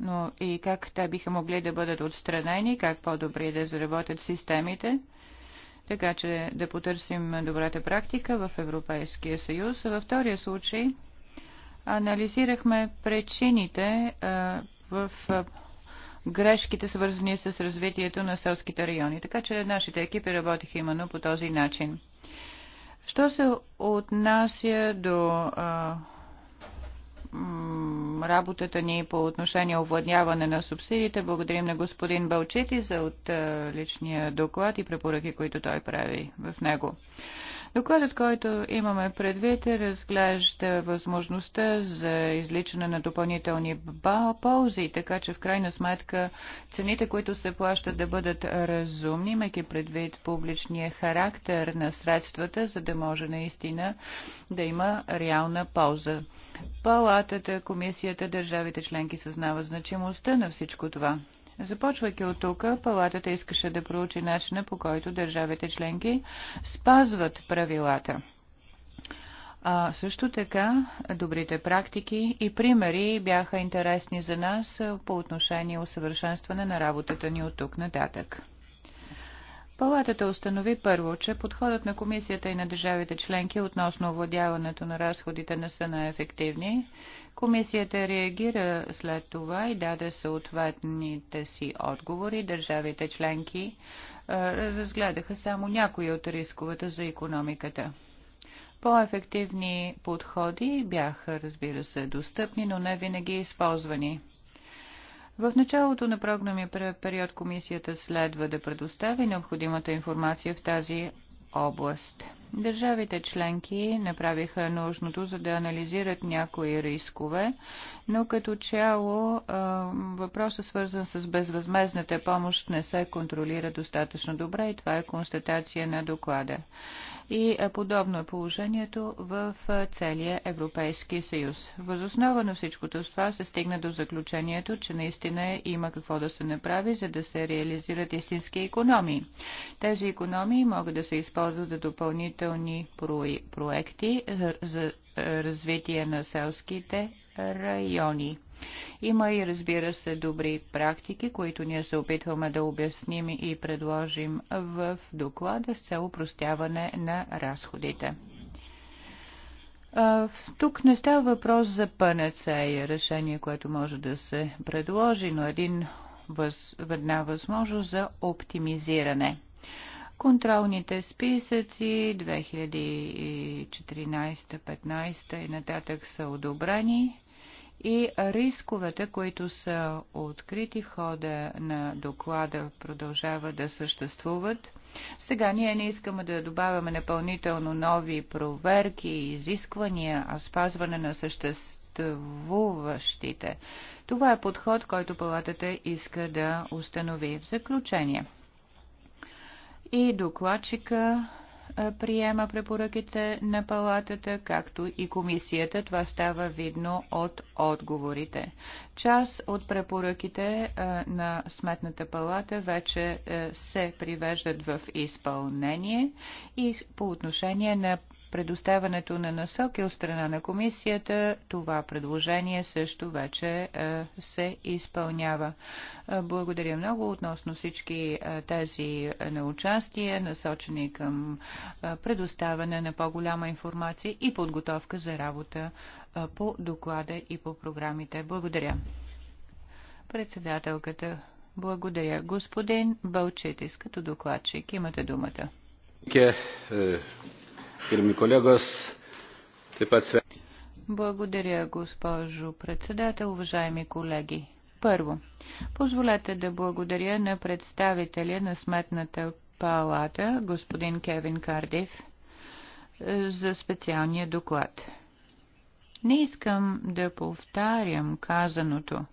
но и как те биха могли да бъдат отстранени, как по-добре да заработят системите, така че да потърсим добрата практика в Европейския съюз. Във втория случай анализирахме причините в грешките, свързани с развитието на селските райони. Така че нашите екипи работиха именно по този начин. Що се отнася до а, работата ни по отношение овладняване на субсидиите. Благодарим на господин Балчети за отличния доклад и препоръки, които той прави в него. Докладът, който имаме предвид, разглежда възможността за изличане на допълнителни ползи, така че в крайна сметка цените, които се плащат да бъдат разумни, имайки предвид публичния характер на средствата, за да може наистина да има реална полза. Палатата, комисията, държавите членки съзнават значимостта на всичко това. Започвайки от тук, палатата искаше да проучи начина по който държавите членки спазват правилата. А, също така, добрите практики и примери бяха интересни за нас по отношение усъвършенстване на работата ни от тук нататък. Палатата установи първо, че подходът на комисията и на държавите членки относно овладяването на разходите не са наефективни. Комисията реагира след това и даде съответните си отговори. Държавите членки е, разгледаха само някои от рисковете за економиката. По-ефективни подходи бяха, разбира се, достъпни, но не винаги използвани. В началото на програмния период комисията следва да предостави необходимата информация в тази област. Държавите членки направиха нужното, за да анализират някои рискове, но като цяло въпросът свързан с безвъзмезната помощ не се контролира достатъчно добре и това е констатация на доклада. И подобно е положението в целия Европейски съюз. Възоснова на всичкото това се стигна до заключението, че наистина има какво да се направи, за да се реализират истински економии. Тези економии могат да се използват за допълнително значителни проекти за е, развитие на селските райони. Има и, разбира се, добри практики, които ние се опитваме да обясним и предложим в доклада с цел упростяване на разходите. Тук не става въпрос за и решение, което може да се предложи, но един въз, една възможност за оптимизиране контролните списъци 2014-15 и нататък са одобрени и рисковете, които са открити хода на доклада, продължават да съществуват. Сега ние не искаме да добавяме напълнително нови проверки и изисквания, а спазване на съществуващите. Това е подход, който палатата иска да установи в заключение и докладчика приема препоръките на палатата, както и комисията. Това става видно от отговорите. Част от препоръките на Сметната палата вече се привеждат в изпълнение и по отношение на предоставянето на насоки от страна на комисията, това предложение също вече е, се изпълнява. Е, благодаря много относно всички е, тези на участие, насочени към предоставяне на по-голяма информация и подготовка за работа по доклада и по програмите. Благодаря. Председателката, благодаря. Господин Бълчетис, като докладчик, имате думата. Благодаря, госпожо председател, уважаеми колеги. Първо, позволете да благодаря на представителя на Сметната палата, господин Кевин Кардив, за специалния доклад. Не искам да повтарям казаното.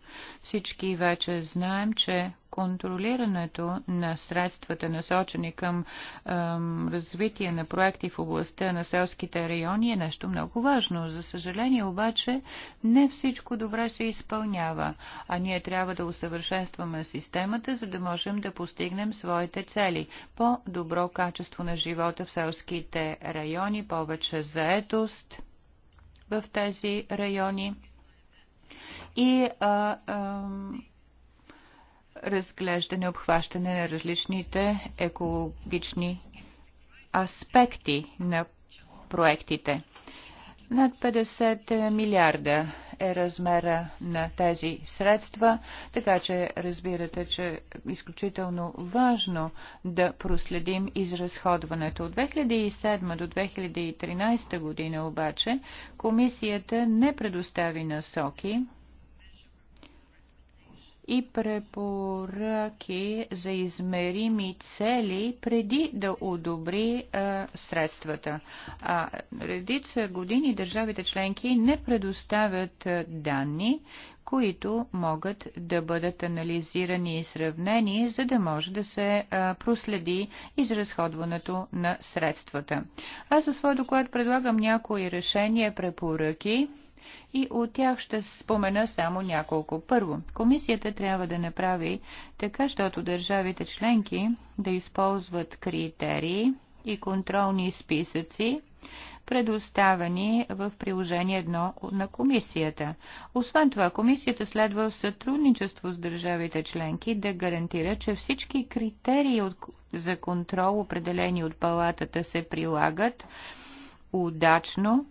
Всички вече знаем, че контролирането на средствата, насочени към ем, развитие на проекти в областта на селските райони, е нещо много важно. За съжаление обаче не всичко добре се изпълнява, а ние трябва да усъвършенстваме системата, за да можем да постигнем своите цели. По-добро качество на живота в селските райони, повече заетост в тези райони и а, а, разглеждане, обхващане на различните екологични аспекти на проектите. Над 50 милиарда е размера на тези средства, така че разбирате, че е изключително важно да проследим изразходването. От 2007 до 2013 година обаче комисията не предостави насоки и препоръки за измерими цели преди да одобри а, е, средствата. А редица години държавите членки не предоставят е, данни, които могат да бъдат анализирани и сравнени, за да може да се е, проследи изразходването на средствата. Аз за своя доклад предлагам някои решения, препоръки, и от тях ще спомена само няколко. Първо, комисията трябва да направи така, защото държавите членки да използват критерии и контролни списъци, предоставени в приложение 1 на комисията. Освен това, комисията следва в сътрудничество с държавите членки да гарантира, че всички критерии за контрол, определени от палатата, се прилагат удачно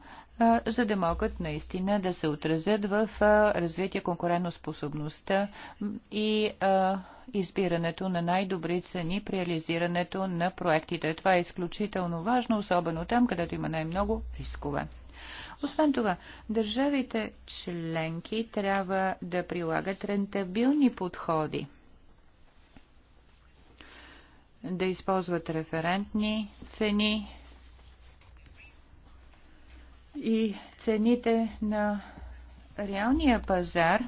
за да могат наистина да се отразят в развитие конкурентоспособността и избирането на най-добри цени при реализирането на проектите. Това е изключително важно, особено там, където има най-много рискове. Освен това, държавите членки трябва да прилагат рентабилни подходи, да използват референтни цени, и цените на реалния пазар,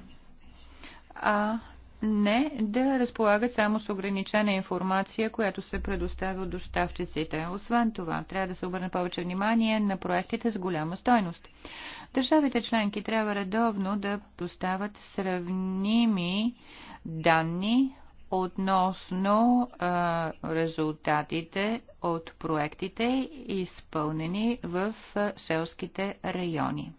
а не да разполагат само с ограничена информация, която се предоставя от доставчиците. Освен това, трябва да се обърне повече внимание на проектите с голяма стойност. Държавите членки трябва редовно да поставят сравними данни относно а, резултатите от проектите, изпълнени в а, селските райони.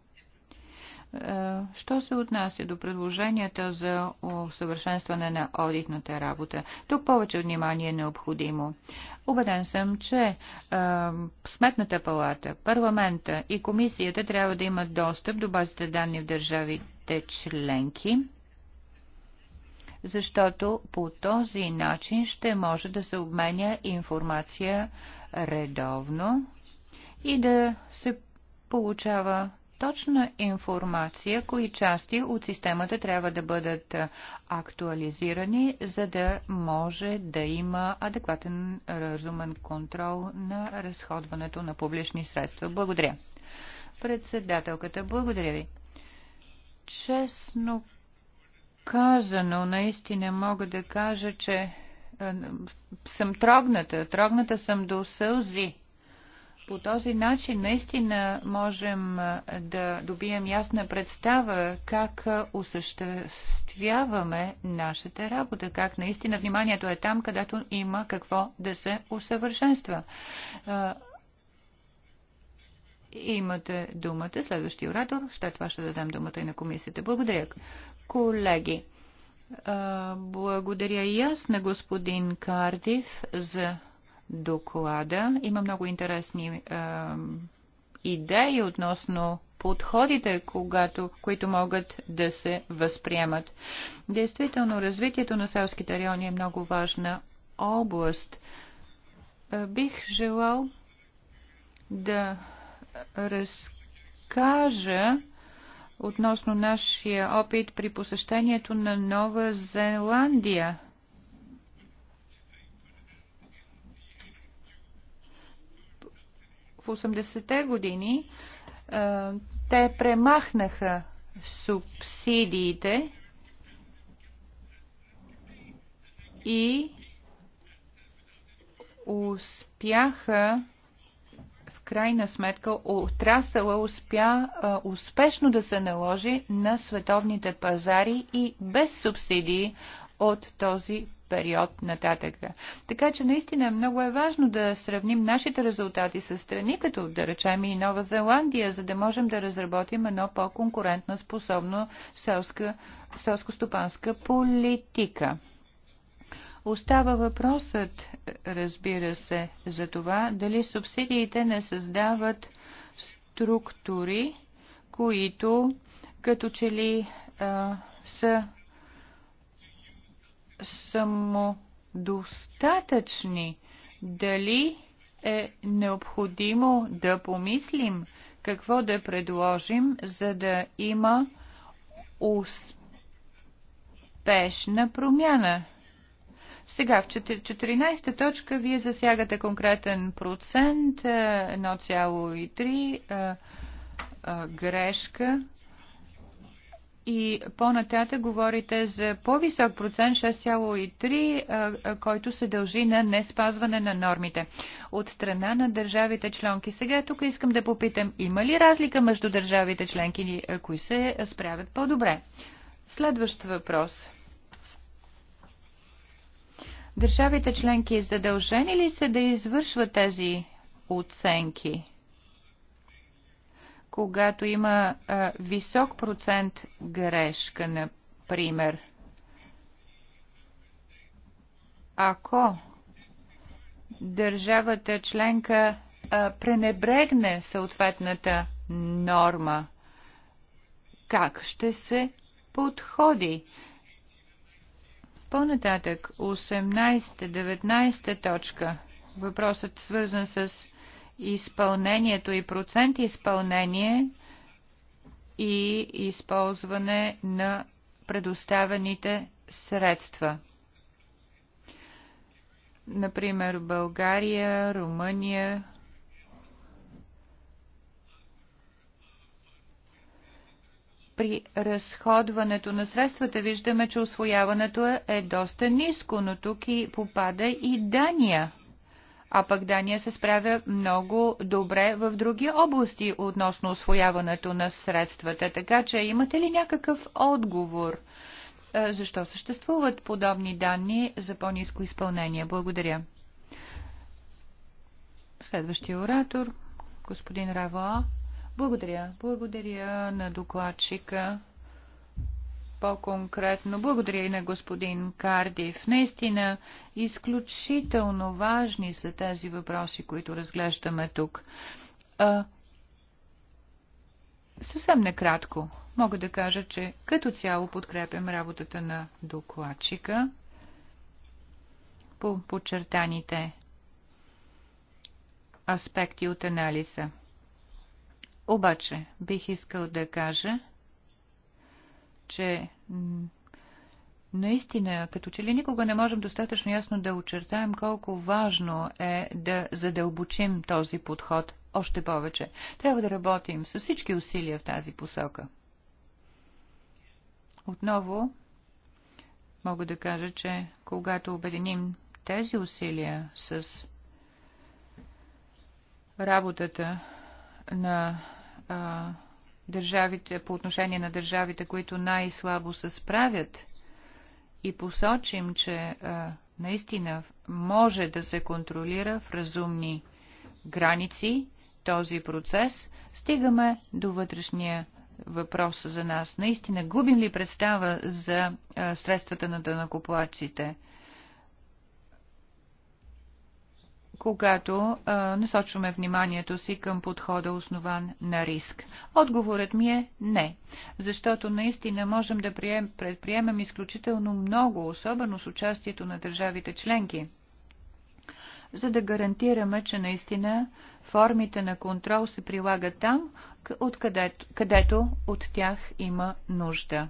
що се отнася до предложенията за усъвършенстване на одитната работа? Тук повече внимание е необходимо. Обеден съм, че е, Сметната палата, парламента и комисията трябва да имат достъп до базите данни в държавите членки защото по този начин ще може да се обменя информация редовно и да се получава точна информация, кои части от системата трябва да бъдат актуализирани, за да може да има адекватен разумен контрол на разходването на публични средства. Благодаря. Председателката, благодаря ви. Честно казано, наистина мога да кажа, че е, съм трогната. Трогната съм до сълзи. По този начин наистина можем е, да добием ясна представа как е, осъществяваме нашата работа, как наистина вниманието е там, където има какво да се усъвършенства. Имате думата. Следващия оратор. След е това ще дадем думата и на комисията. Благодаря. Колеги, благодаря и аз на господин Кардив за доклада. Има много интересни идеи относно подходите, когато, които могат да се възприемат. Действително, развитието на селските райони е много важна област. Бих желал да разкажа относно нашия опит при посещението на Нова Зеландия. В 80-те години те премахнаха субсидиите и успяха крайна сметка отрасъла успя а, успешно да се наложи на световните пазари и без субсидии от този период нататък. Така че наистина много е важно да сравним нашите резултати с страни, като да речем и Нова Зеландия, за да можем да разработим едно по-конкурентно способно селско-стопанска политика. Остава въпросът, разбира се, за това дали субсидиите не създават структури, които като че ли а, са самодостатъчни. Дали е необходимо да помислим какво да предложим, за да има успешна промяна сега в 14 точка вие засягате конкретен процент 1,3 е, е, е, грешка и по-нататък говорите за по-висок процент 6,3, който се дължи на не спазване на нормите от страна на държавите членки. Сега тук искам да попитам, има ли разлика между държавите членки, кои се справят по-добре? Следващ въпрос – Държавите членки задължени ли са да извършват тези оценки? Когато има а, висок процент грешка, например, ако държавата членка а, пренебрегне съответната норма, как ще се подходи? По-нататък, 18-19 точка. Въпросът свързан с изпълнението и процент изпълнение и използване на предоставените средства. Например, България, Румъния, при разходването на средствата виждаме, че освояването е доста ниско, но тук и попада и Дания. А пък Дания се справя много добре в други области относно освояването на средствата. Така че имате ли някакъв отговор? Е, защо съществуват подобни данни за по-низко изпълнение? Благодаря. Следващия оратор, господин Равоа. Благодаря. Благодаря на докладчика. По-конкретно, благодаря и на господин Кардив. Наистина, изключително важни са тези въпроси, които разглеждаме тук. А, съвсем накратко мога да кажа, че като цяло подкрепям работата на докладчика по подчертаните аспекти от анализа. Обаче, бих искал да кажа, че наистина, като че ли никога не можем достатъчно ясно да очертаем колко важно е да задълбочим този подход още повече. Трябва да работим с всички усилия в тази посока. Отново мога да кажа, че когато обединим тези усилия с работата на държавите, по отношение на държавите, които най-слабо се справят и посочим, че а, наистина може да се контролира в разумни граници този процес, стигаме до вътрешния въпрос за нас. Наистина губим ли представа за а, средствата на дънакоплаците? когато а, насочваме вниманието си към подхода основан на риск? Отговорът ми е не, защото наистина можем да прием, предприемем изключително много, особено с участието на държавите членки, за да гарантираме, че наистина формите на контрол се прилагат там, откъдето, където от тях има нужда.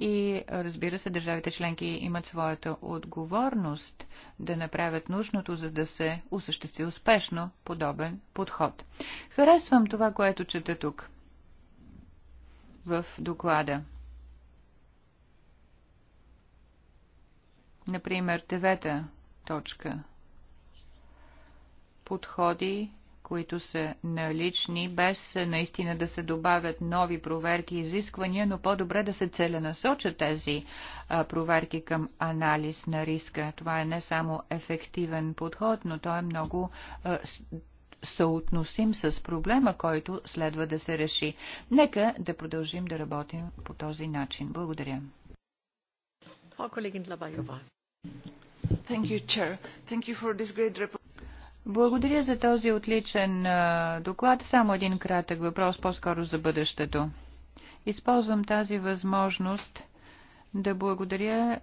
И разбира се, държавите членки имат своята отговорност да направят нужното, за да се осъществи успешно подобен подход. Харесвам това, което чета тук в доклада. Например, девета точка. Подходи които са налични, без наистина да се добавят нови проверки и изисквания, но по-добре да се целенасочат тези проверки към анализ на риска. Това е не само ефективен подход, но той е много съотносим с проблема, който следва да се реши. Нека да продължим да работим по този начин. Благодаря. Thank you, Chair. Thank you for this great report. Благодаря за този отличен доклад. Само един кратък въпрос, по-скоро за бъдещето. Използвам тази възможност да благодаря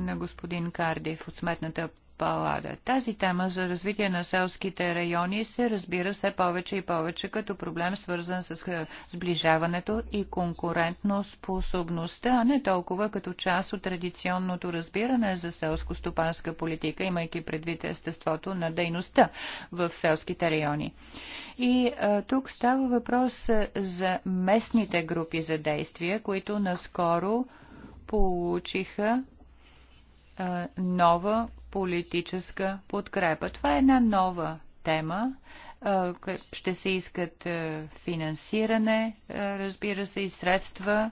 на господин Кардив от Сметната палада. Тази тема за развитие на селските райони се разбира все повече и повече като проблем свързан с е, сближаването и конкурентно способността, а не толкова като част от традиционното разбиране за селско-стопанска политика, имайки предвид естеството на дейността в селските райони. И а, е, тук става въпрос за местните групи за действия, които наскоро получиха е, нова политическа подкрепа. Това е една нова тема. Е, ще се искат е, финансиране, разбира се, и средства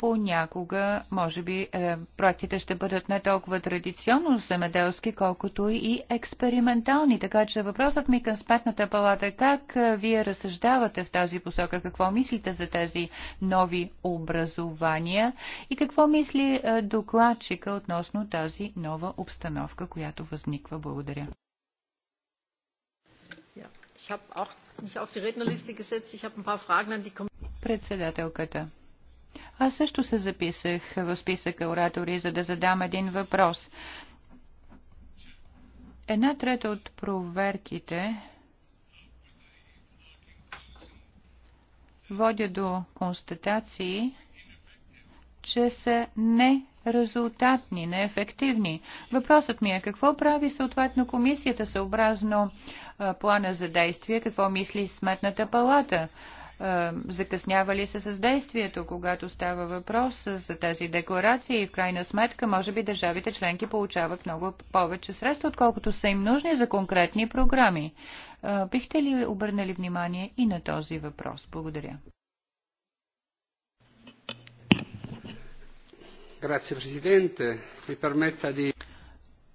понякога, може би, е, проектите ще бъдат не толкова традиционно земеделски, колкото и експериментални. Така че въпросът ми към Сметната палата е как е, вие разсъждавате в тази посока, какво мислите за тези нови образования и какво мисли е, докладчика относно тази нова обстановка, която възниква. Благодаря. Председателката. Аз също се записах в списъка оратори, за да задам един въпрос. Една трета от проверките водя до констатации, че са нерезултатни, неефективни. Въпросът ми е какво прави съответно комисията съобразно плана за действие, какво мисли сметната палата. Е, закъснявали се с действието, когато става въпрос за тези декларации и в крайна сметка, може би държавите членки получават много повече средства, отколкото са им нужни за конкретни програми. Е, бихте ли обърнали внимание и на този въпрос? Благодаря. Грация, Presidente, mi permetta ди...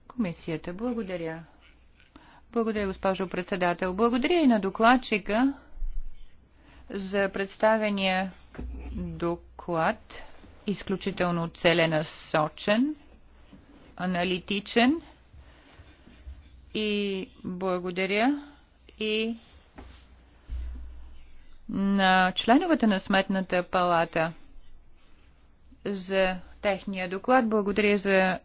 Комисията, благодаря. Благодаря, госпожо председател. Благодаря и на докладчика за представения доклад, изключително целенасочен, аналитичен и благодаря и на членовете на Сметната палата за техния доклад. Благодаря за е,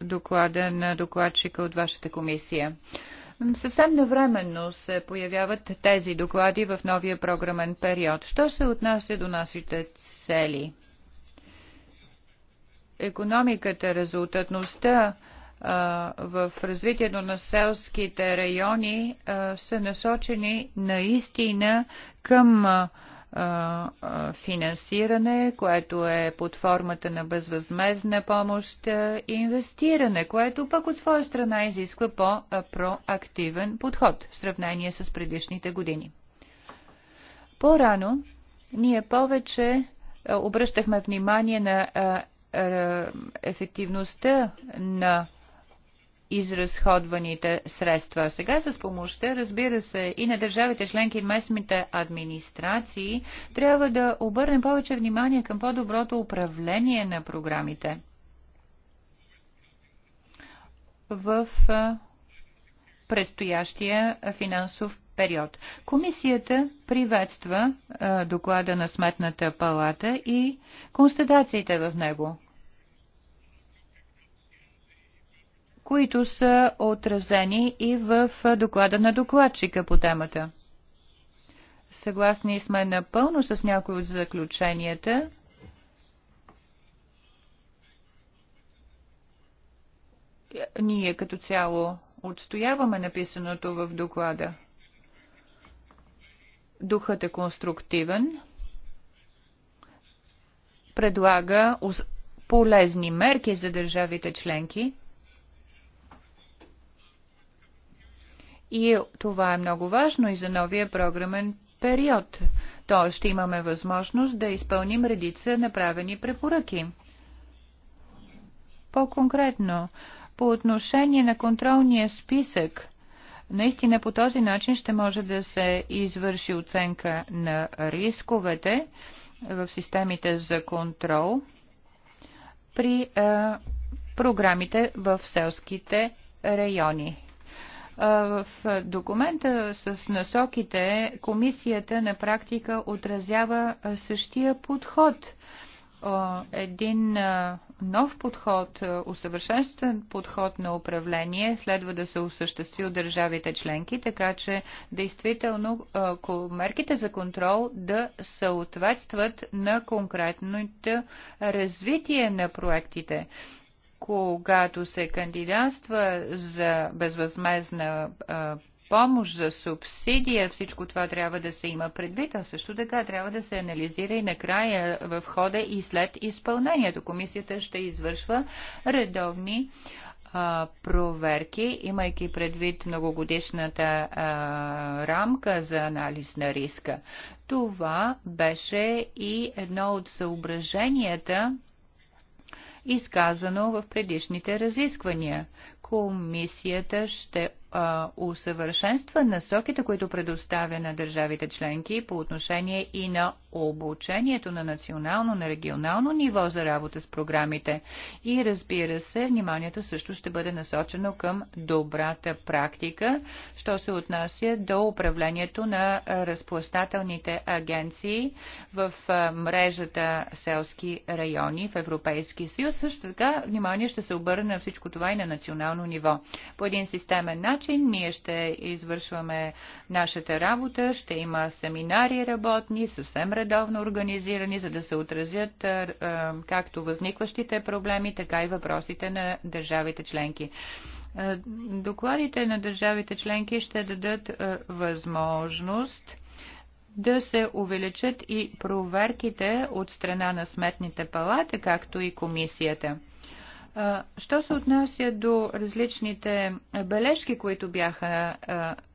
доклада на докладчика от вашата комисия. Съвсем навременно се появяват тези доклади в новия програмен период. Що се отнася до нашите цели? Економиката, резултатността, в развитието на селските райони са насочени наистина към финансиране, което е под формата на безвъзмезна помощ и инвестиране, което пък от своя страна изисква по-проактивен подход в сравнение с предишните години. По-рано ние повече обръщахме внимание на ефективността на изразходваните средства. Сега с помощта, разбира се, и на държавите членки и местните администрации трябва да обърнем повече внимание към по-доброто управление на програмите. В предстоящия финансов период. Комисията приветства доклада на Сметната палата и констатациите в него. които са отразени и в доклада на докладчика по темата. Съгласни сме напълно с някои от заключенията. Ние като цяло отстояваме написаното в доклада. Духът е конструктивен, предлага полезни мерки за държавите членки – И това е много важно и за новия програмен период. То ще имаме възможност да изпълним редица направени препоръки. По-конкретно, по отношение на контролния списък, наистина по този начин ще може да се извърши оценка на рисковете в системите за контрол при а, програмите в селските райони. В документа с насоките комисията на практика отразява същия подход. Един нов подход, усъвършенстван подход на управление следва да се осъществи от държавите членки, така че действително мерките за контрол да съответстват на конкретното развитие на проектите когато се кандидатства за безвъзмезна а, помощ, за субсидия, всичко това трябва да се има предвид, а също така трябва да се анализира и накрая в хода и след изпълнението. Комисията ще извършва редовни проверки, имайки предвид многогодишната а, рамка за анализ на риска. Това беше и едно от съображенията, изказано в предишните разисквания. Комисията ще усъвършенства насоките, които предоставя на държавите членки по отношение и на обучението на национално, на регионално ниво за работа с програмите. И разбира се, вниманието също ще бъде насочено към добрата практика, що се отнася до управлението на разплащателните агенции в мрежата селски райони в Европейски съюз. Също така внимание ще се обърне на всичко това и на национално ниво. По един системен начин начин. Ние ще извършваме нашата работа, ще има семинари работни, съвсем редовно организирани, за да се отразят както възникващите проблеми, така и въпросите на държавите членки. Докладите на държавите членки ще дадат възможност да се увеличат и проверките от страна на сметните палата, както и комисията. Що се отнася до различните бележки, които бяха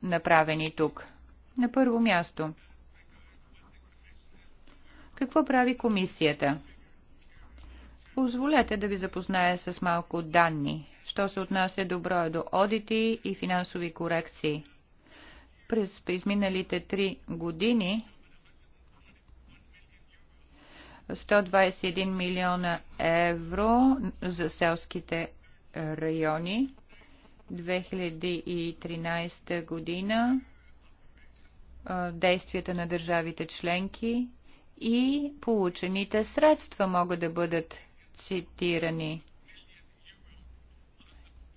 направени тук? На първо място. Какво прави комисията? Позволете да ви запозная с малко данни, що се отнася до броя до одити и финансови корекции. През изминалите три години 121 милиона евро за селските е, райони. 2013 година е, действията на държавите членки и получените средства могат да бъдат цитирани.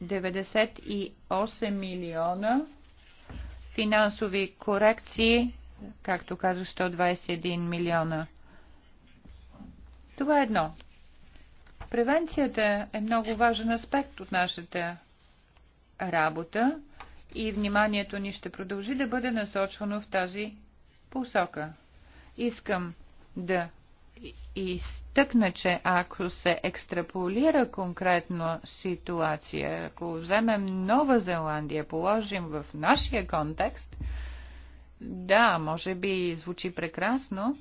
98 милиона финансови корекции, както казах, 121 милиона това е едно. Превенцията е много важен аспект от нашата работа и вниманието ни ще продължи да бъде насочвано в тази посока. Искам да изтъкна, че ако се екстраполира конкретно ситуация, ако вземем Нова Зеландия, положим в нашия контекст, да, може би звучи прекрасно,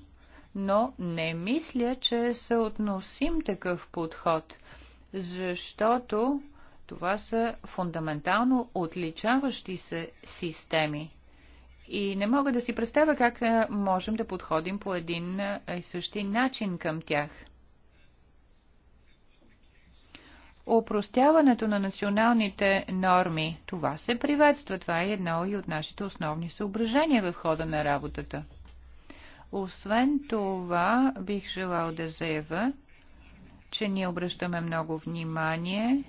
но не мисля, че съотносим такъв подход, защото това са фундаментално отличаващи се системи. И не мога да си представя как е, можем да подходим по един е, и същи начин към тях. Опростяването на националните норми, това се приветства, това е едно и от нашите основни съображения в хода на работата. Освен това, бих желал да заявя, че ние обръщаме много внимание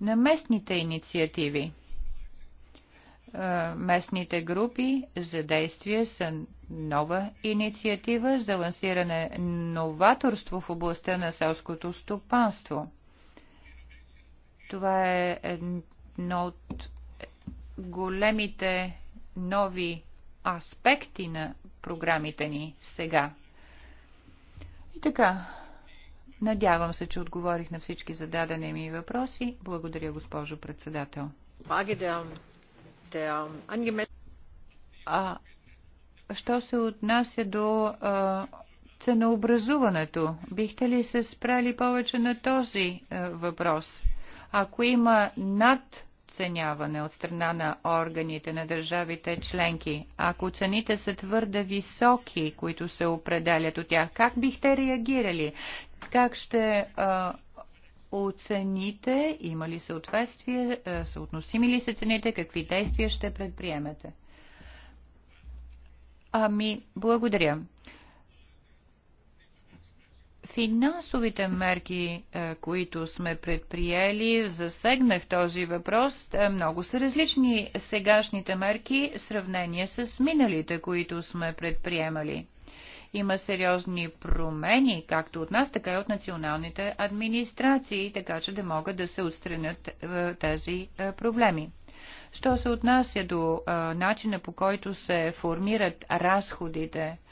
на местните инициативи. Е, местните групи за действие са нова инициатива за лансиране новаторство в областта на селското стопанство. Това е едно от големите нови аспекти на програмите ни сега. И така, надявам се, че отговорих на всички зададени ми въпроси. Благодаря, госпожо председател. А що се отнася до а, ценообразуването, бихте ли се спрели повече на този а, въпрос? Ако има над оценяване от страна на органите на държавите членки? Ако цените са твърде високи, които се определят от тях, как бихте реагирали? Как ще а, оцените? Има ли съответствие? Съотносими ли се цените? Какви действия ще предприемете? Ами, благодаря финансовите мерки, е, които сме предприели, засегнах този въпрос, е, много са различни сегашните мерки в сравнение с миналите, които сме предприемали. Има сериозни промени, както от нас, така и от националните администрации, така че да могат да се отстранят е, тези проблеми. Що се отнася до начина по който се формират разходите –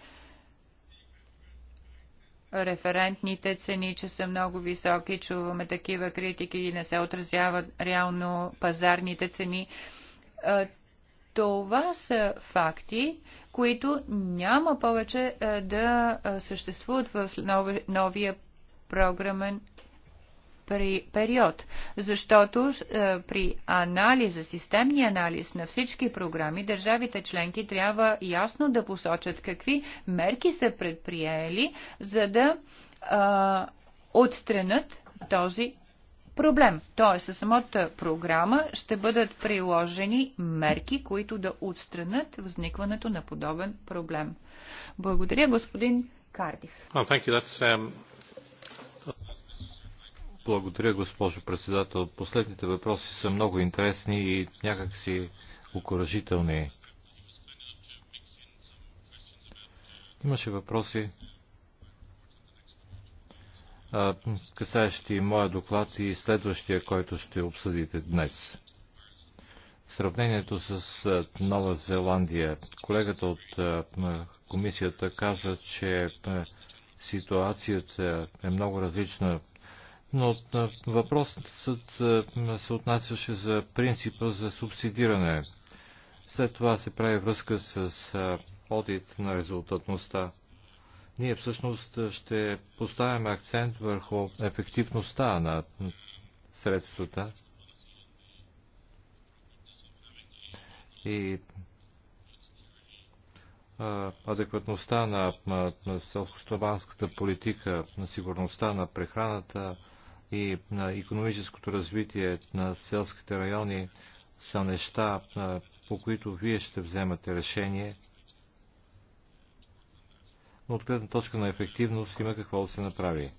референтните цени, че са много високи, чуваме такива критики и не се отразяват реално пазарните цени. Това са факти, които няма повече да съществуват в новия програмен период, защото е, при анализа, системния анализ на всички програми, държавите членки трябва ясно да посочат какви мерки са предприели, за да а, отстранят този проблем. Тоест, със самата програма ще бъдат приложени мерки, които да отстранят възникването на подобен проблем. Благодаря, господин Кардив. Oh, благодаря, госпожо председател. Последните въпроси са много интересни и някакси окоръжителни. Имаше въпроси, касаещи моя доклад и следващия, който ще обсъдите днес. В сравнението с Нова Зеландия, колегата от комисията каза, че ситуацията е много различна но въпросът се отнасяше за принципа за субсидиране. След това се прави връзка с одит на резултатността. Ние всъщност ще поставяме акцент върху ефективността на средствата и адекватността на селскостопанската политика, на сигурността на прехраната, и на економическото развитие на селските райони са неща, по които вие ще вземате решение. Но от гледна точка на ефективност има какво да се направи.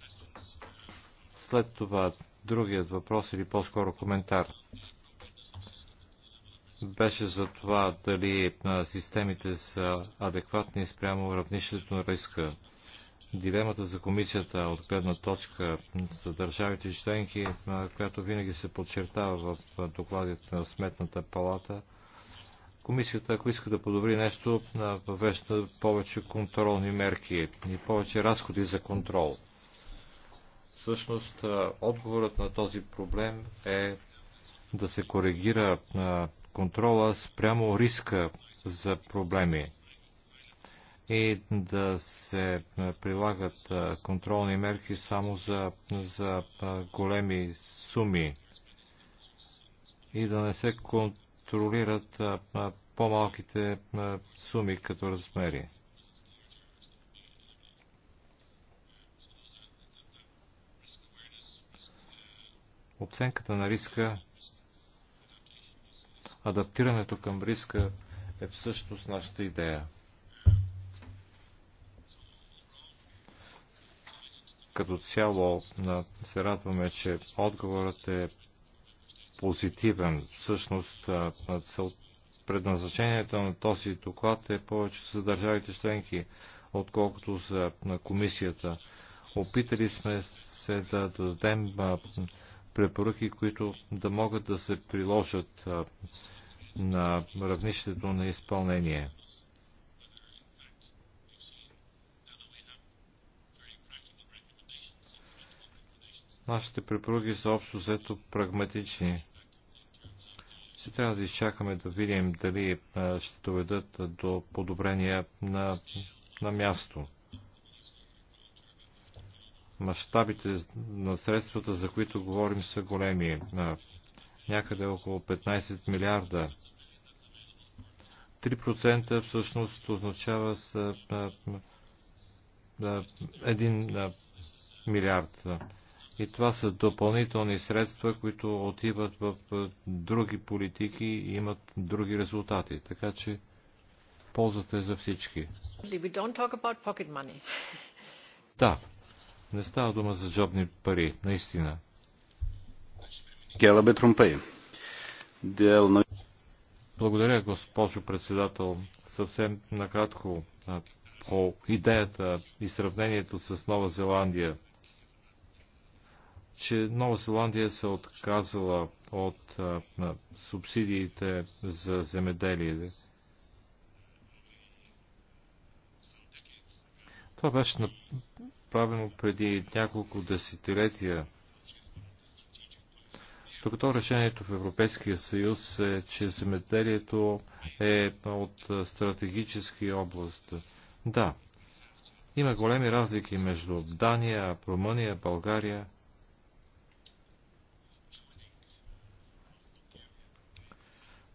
След това другият въпрос или по-скоро коментар беше за това дали системите са адекватни спрямо равнището на риска дилемата за комисията от гледна точка за държавите членки, която винаги се подчертава в докладите на Сметната палата. Комисията, ако иска да подобри нещо, въвежда повече контролни мерки и повече разходи за контрол. Всъщност, отговорът на този проблем е да се коригира контрола спрямо риска за проблеми и да се е, прилагат е, контролни мерки само за, за е, големи суми и да не се контролират по-малките суми като размери. Оценката на риска, адаптирането към риска е всъщност нашата идея. Като цяло се радваме, че отговорът е позитивен. Всъщност предназначението на този доклад е повече за държавите членки, отколкото за на комисията. Опитали сме се да дадем препоръки, които да могат да се приложат на равнището на изпълнение. Нашите препоръки са общо взето прагматични. Ще трябва да изчакаме да видим дали е, ще доведат до подобрения на, на място. Мащабите на средствата, за които говорим, са големи. Някъде около 15 милиарда. 3% всъщност означава с 1 милиард. И това са допълнителни средства, които отиват в е, други политики и имат други резултати. Така че ползата е за всички. Да, не става дума за джобни пари, наистина. Благодаря, госпожо председател. Съвсем накратко по идеята и сравнението с Нова Зеландия – че Нова Зеландия се е отказала от а, субсидиите за земеделие. Това беше направено преди няколко десетилетия. Докато решението в Европейския съюз е, че земеделието е от стратегически област. Да, има големи разлики между Дания, Румъния, България –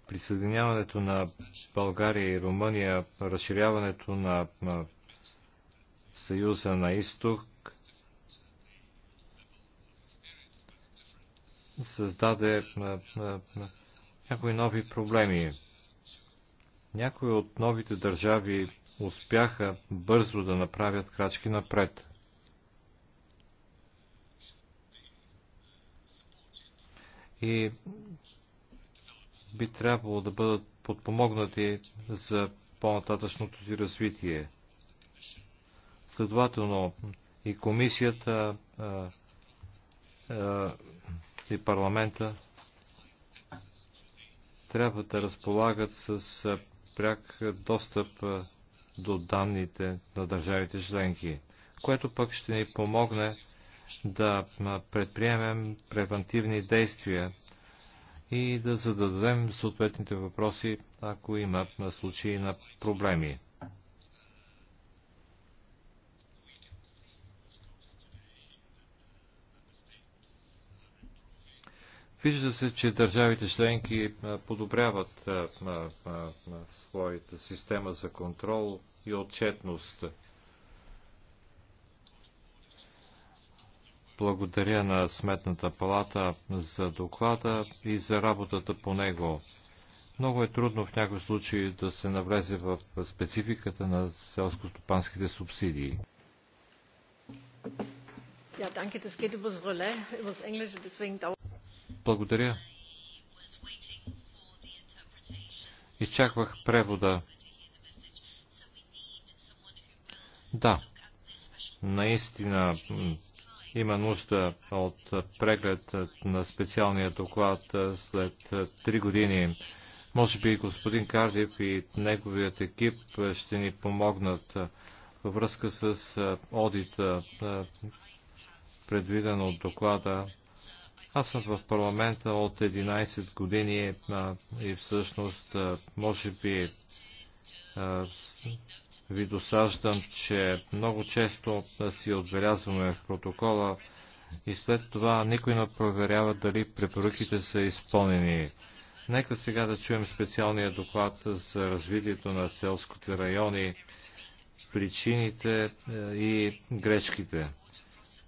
присъединяването на България и Румъния, разширяването на Съюза на изток, създаде някои нови проблеми. Някои от новите държави успяха бързо да направят крачки напред. И би трябвало да бъдат подпомогнати за по-нататъчното си развитие. Следователно и комисията а, а, и парламента трябва да разполагат с пряк достъп до данните на държавите членки, което пък ще ни помогне да предприемем превентивни действия и да зададем съответните въпроси, ако има случаи на проблеми. Вижда се, че държавите членки подобряват своята система за контрол и отчетност. Благодаря на Сметната палата за доклада и за работата по него. Много е трудно в някои случаи да се навлезе в спецификата на селско-стопанските субсидии. Благодаря. Изчаквах превода. Да, наистина има нужда от преглед на специалния доклад след 3 години. Може би господин Кардив и неговият екип ще ни помогнат във връзка с одита, предвиден от доклада. Аз съм в парламента от 11 години и всъщност може би ви досаждам, че много често си отбелязваме в протокола и след това никой не проверява дали препоръките са изпълнени. Нека сега да чуем специалния доклад за развитието на селските райони, причините е, и грешките.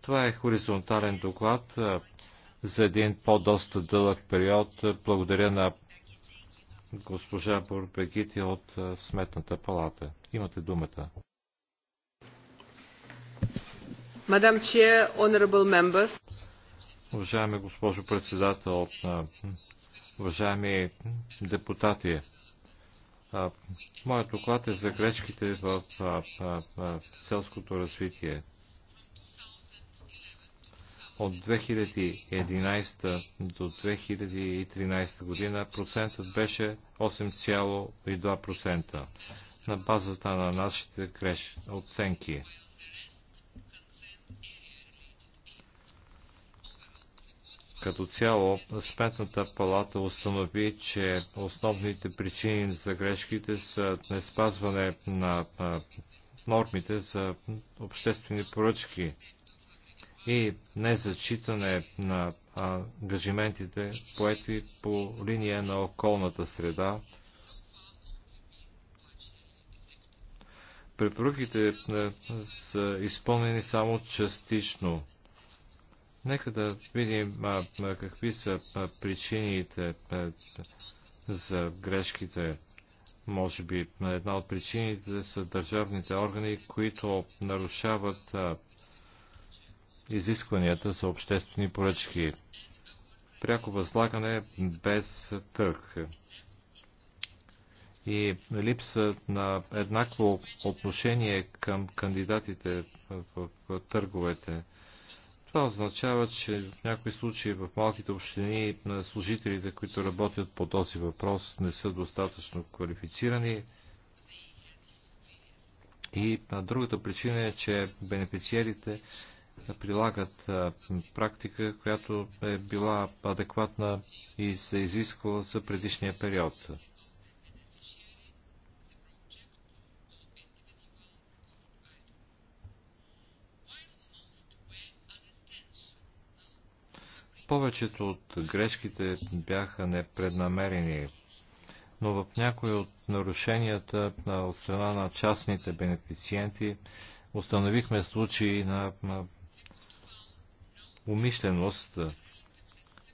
Това е хоризонтален доклад е, за един по-доста дълъг период. Благодаря на госпожа Борбегити от Сметната палата. Имате думата. Мадам Чия, honorable members. Уважаеми госпожо председател, уважаеми депутати, моят доклад е за грешките в селското развитие от 2011 до 2013 година процентът беше 8,2% на базата на нашите оценки. Като цяло, Сметната палата установи, че основните причини за грешките са не спазване на нормите за обществени поръчки и незачитане на ангажиментите, поети по линия на околната среда. Препоръките е, са изпълнени само частично. Нека да видим а, какви са а, причините а, е, за грешките. Може би една от причините са държавните органи, които нарушават изискванията за обществени поръчки. Пряко възлагане без търг и липса на еднакво отношение към кандидатите в търговете. Това означава, че в някои случаи в малките общини на служителите, които работят по този въпрос, не са достатъчно квалифицирани. И другата причина е, че бенефициерите прилагат практика, която е била адекватна и се е изисквала за предишния период. Повечето от грешките бяха непреднамерени, но в някои от нарушенията от страна на частните бенефициенти установихме случаи на умишленост.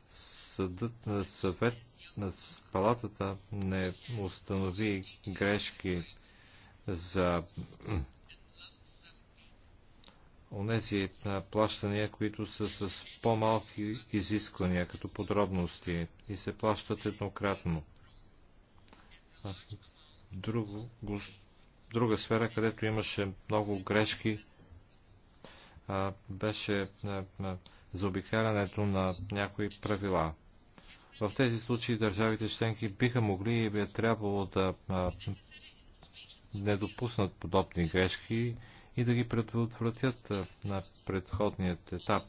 Съдът, съвет на палатата не установи грешки за онези плащания, които са с по-малки изисквания, като подробности и се плащат еднократно. Друго, друга сфера, където имаше много грешки, беше за обикалянето на някои правила. В тези случаи държавите членки биха могли и би трябвало да не допуснат подобни грешки и да ги предотвратят на предходният етап.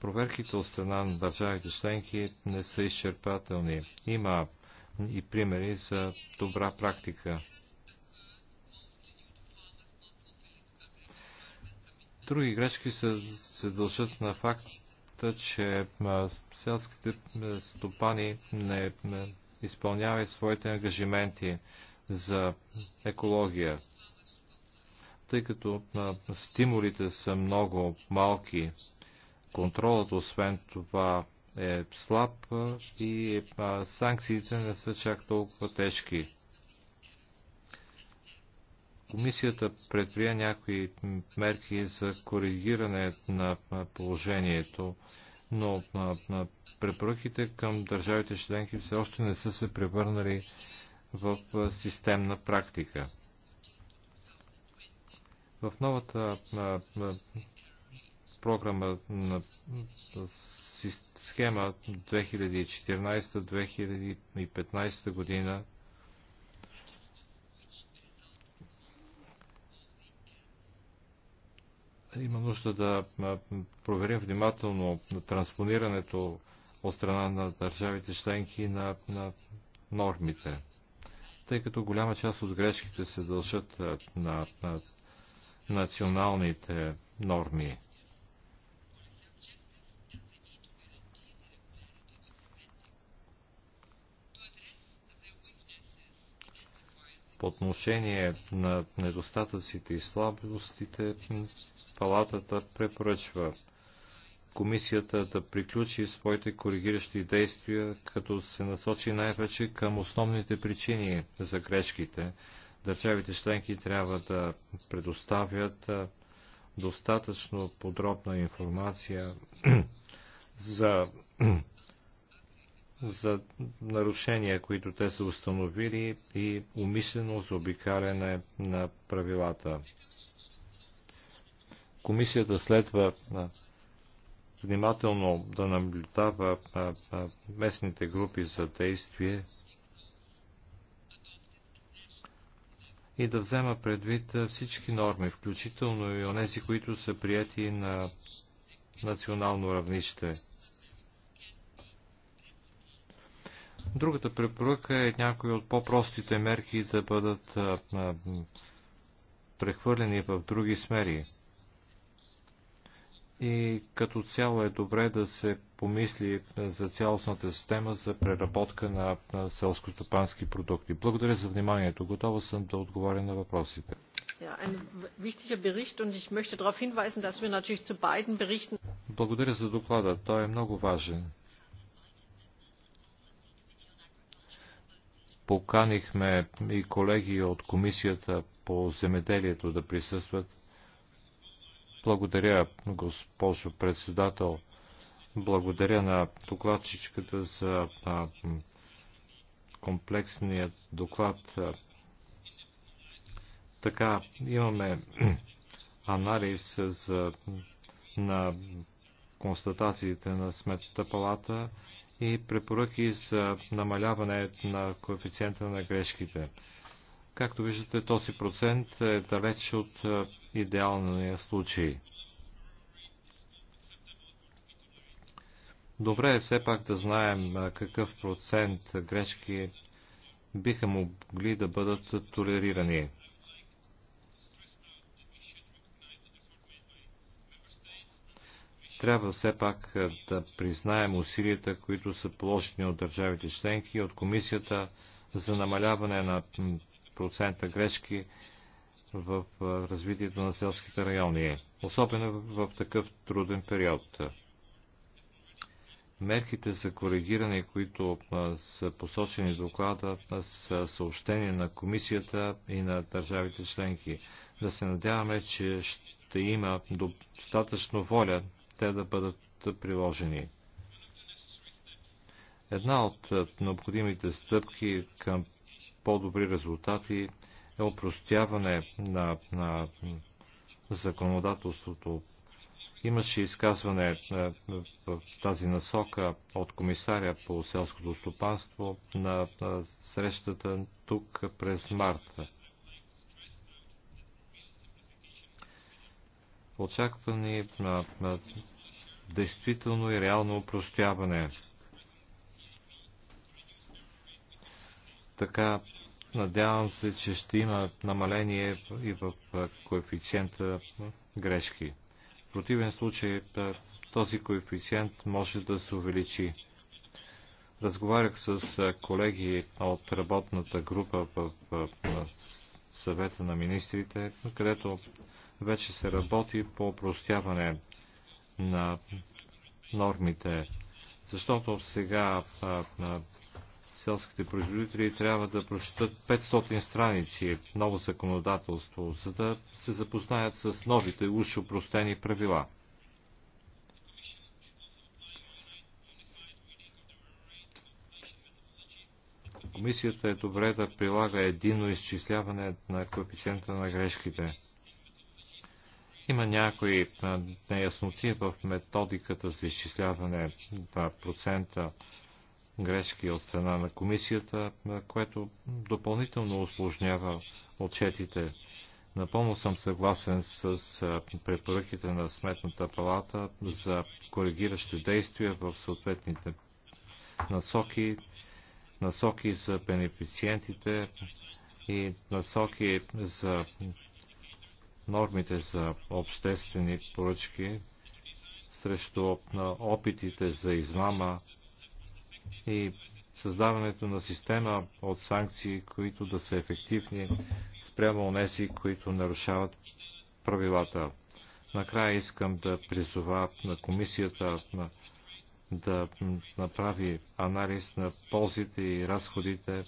Проверките от страна на държавите членки не са изчерпателни. Има и примери за добра практика. Други грешки се, се дължат на факта, че селските стопани не изпълняват своите ангажименти за екология, тъй като стимулите са много малки. Контролът, освен това, е слаб и санкциите не са чак толкова тежки. Комисията предприе някои мерки за коригиране на положението, но препоръките към държавите членки все още не са се превърнали в системна практика. В новата програма на схема 2014-2015 година има нужда да проверим внимателно транспонирането от страна на държавите членки на, на нормите, тъй като голяма част от грешките се дължат на, на националните норми. по отношение на недостатъците и слабостите палатата препоръчва комисията да приключи своите коригиращи действия, като се насочи най-вече към основните причини за грешките. Държавите членки трябва да предоставят достатъчно подробна информация за, за нарушения, които те са установили и умишлено за обикаляне на правилата. Комисията следва внимателно да наблюдава местните групи за действие и да взема предвид всички норми, включително и онези, които са прияти на национално равнище. Другата препоръка е някои от по-простите мерки да бъдат прехвърлени в други смери. И като цяло е добре да се помисли за цялостната система за преработка на, селско-стопански продукти. Благодаря за вниманието. Готова съм да отговоря на въпросите. Благодаря за доклада. Той е много важен. Поканихме и колеги от Комисията по земеделието да присъстват благодаря, госпожо председател. Благодаря на докладчичката за комплексният доклад. Така, имаме анализ за, на констатациите на Сметната палата и препоръки за намаляване на коефициента на грешките. Както виждате, този процент е далеч от е, идеалния случай. Добре е все пак да знаем е, какъв процент грешки биха могли да бъдат толерирани. Трябва все пак е, да признаем усилията, които са положени от държавите членки и от комисията за намаляване на процента грешки в развитието на селските райони, особено в такъв труден период. Мерките за коригиране, които са посочени в доклада, са съобщени на комисията и на държавите членки. Да се надяваме, че ще има достатъчно воля те да бъдат приложени. Една от необходимите стъпки към по-добри резултати е опростяване на, на законодателството. Имаше изказване е, в тази насока от комисаря по селското стопанство на срещата тук през март. Очаквани на, на действително и реално упростяване така надявам се, че ще има намаление и в коефициента грешки. В противен случай този коефициент може да се увеличи. Разговарях с колеги от работната група в съвета на министрите, където вече се работи по опростяване на нормите, защото сега селските производители трябва да прочитат 500 страници ново законодателство, за да се запознаят с новите уши упростени правила. Комисията е добре да прилага едино изчисляване на коефициента на грешките. Има някои неясноти в методиката за изчисляване на процента грешки от страна на комисията, което допълнително осложнява отчетите. Напълно съм съгласен с препоръките на Сметната палата за коригиращи действия в съответните насоки, насоки за бенефициентите и насоки за нормите за обществени поръчки срещу опитите за измама и създаването на система от санкции, които да са ефективни спрямо онези, които нарушават правилата. Накрая искам да призова на комисията да направи анализ на ползите и разходите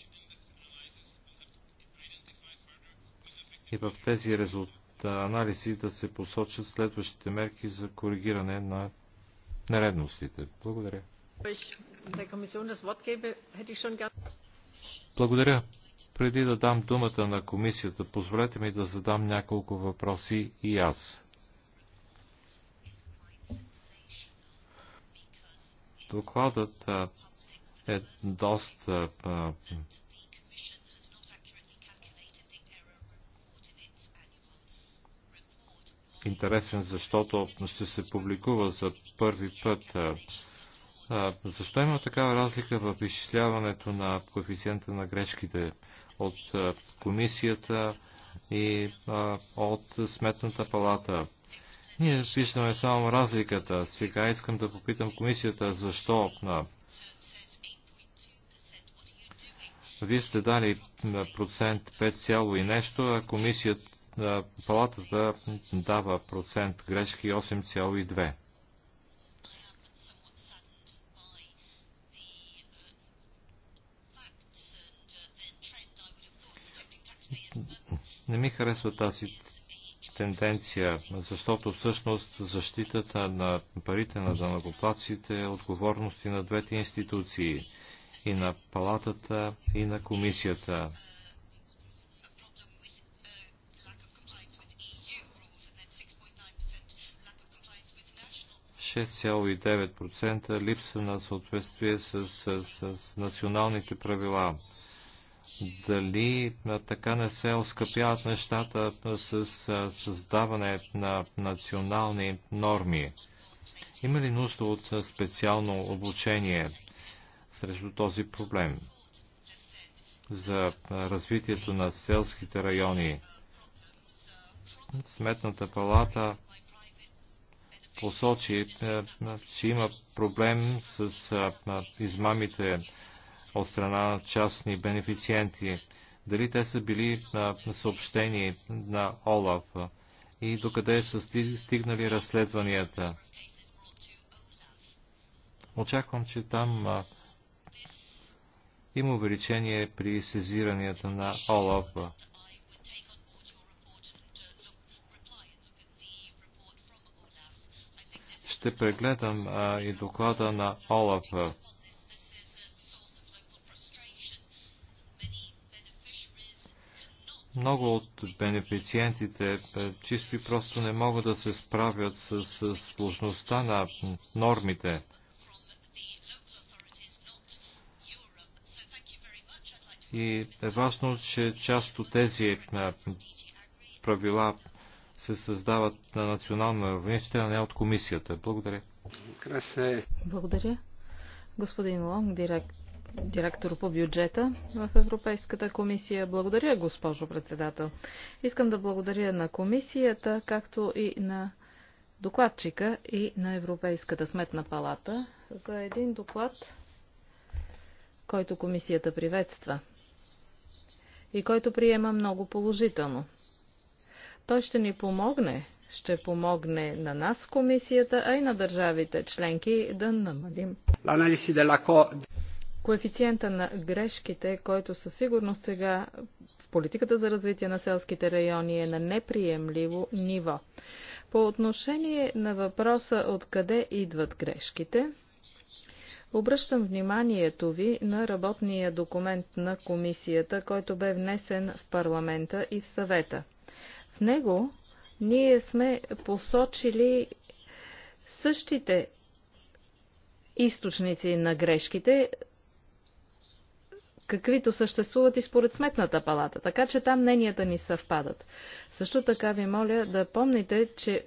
и в тези резултати анализи да се посочат следващите мерки за коригиране на нередностите. Благодаря. Благодаря. Преди да дам думата на комисията, позволете ми да задам няколко въпроси и аз. Докладът е доста интересен, защото ще се публикува за първи път А, защо има такава разлика в изчисляването на коефициента на грешките от комисията и от сметната палата? Ние виждаме само разликата. Сега искам да попитам комисията защо на Вие сте дали процент 5, и нещо, а комисията, палатата дава процент грешки 8,2. Не ми харесва тази тенденция, защото всъщност защитата на парите на данъкоплаците е отговорности на двете институции и на палатата и на комисията. липса на съответствие с, с, с националните правила дали така не се оскъпяват нещата с създаване на национални норми. Има ли нужда от специално обучение срещу този проблем? За развитието на селските райони. Сметната палата посочи, че има проблем с измамите от страна на частни бенефициенти. Дали те са били на съобщение на ОЛАФ и докъде са стигнали разследванията. Очаквам, че там а, има увеличение при сезиранията на ОЛАФ. Ще прегледам а, и доклада на ОЛАФ. Много от бенефициентите е, чисто и просто не могат да се справят с, с сложността на нормите. И е важно, че част от тези е, правила се създават на национално равнище, а не от комисията. Благодаря. Благодаря. Господин Лонг, директ, директор по бюджета в Европейската комисия. Благодаря, госпожо председател. Искам да благодаря на комисията, както и на докладчика и на Европейската сметна палата за един доклад, който комисията приветства и който приема много положително. Той ще ни помогне, ще помогне на нас в комисията, а и на държавите членки да намалим коефициента на грешките, който със сигурност сега в политиката за развитие на селските райони е на неприемливо ниво. По отношение на въпроса откъде идват грешките, Обръщам вниманието ви на работния документ на комисията, който бе внесен в парламента и в съвета. В него ние сме посочили същите източници на грешките, каквито съществуват и според сметната палата, така че там мненията ни съвпадат. Също така ви моля да помните, че